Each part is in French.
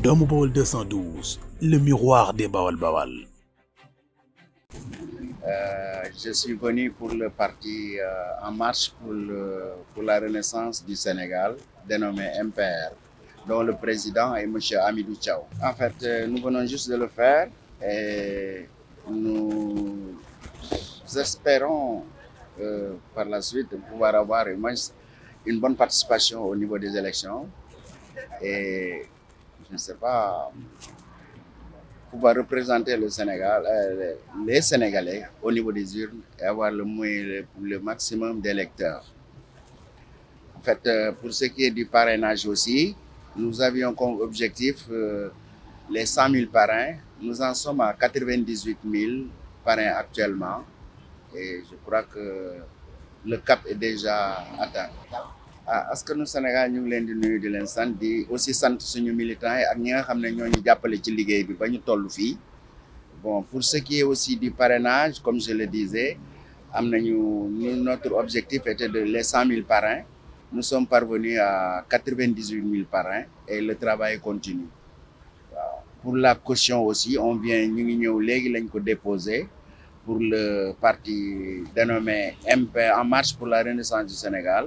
Domopole 212 le miroir des Bawal Bawal. Euh, je suis venu pour le parti euh, En Marche pour, la Renaissance du Sénégal, dénommé MPR, dont le président est M. Amidou Chao. En fait, euh, nous venons juste de le faire et nous espérons par la suite pouvoir avoir une, une bonne participation au niveau des élections et je ne sais pas, pouvoir représenter le Sénégal, euh, les Sénégalais au niveau des urnes et avoir le, le maximum d'électeurs. En fait, euh, pour ce qui est du parrainage aussi, nous avions comme objectif euh, les 100 000 parrains. Nous en sommes à 98 000 parrains actuellement et je crois que le cap est déjà atteint ah askanu Sénégal ñu ngi leen di nuyu di leen sant di aussi sant suñu militants yi ak ñi nga xam ne ñoo ñu jàppale ci liggéey bi ba ñu toll bon pour ce qui est aussi du parrainage comme je le disais notre objectif était de les 100 000 parrains nous sommes parvenus à 98 000 parrains et le travail continue pour la caution aussi on vient ñu ngi ñëw léegi lañ ko déposé pour le parti dénommé MP En Marche pour la Renaissance du Sénégal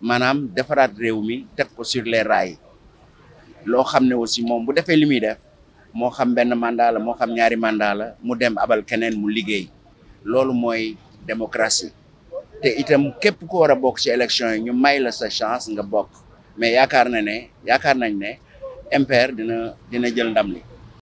maanaam defaraat réew mi teg ko sur le rails loo xam ne aussi moom bu defee li muy def moo xam benn mandat la moo xam ñaari mandat la mu dem abal keneen mu liggéey loolu mooy démocratie te itam képp ko war a bokk ci élection yi ñu may la sa chance nga bokk mais yaakaar na ne yaakaar nañ ne MPR dina dina jël ndam li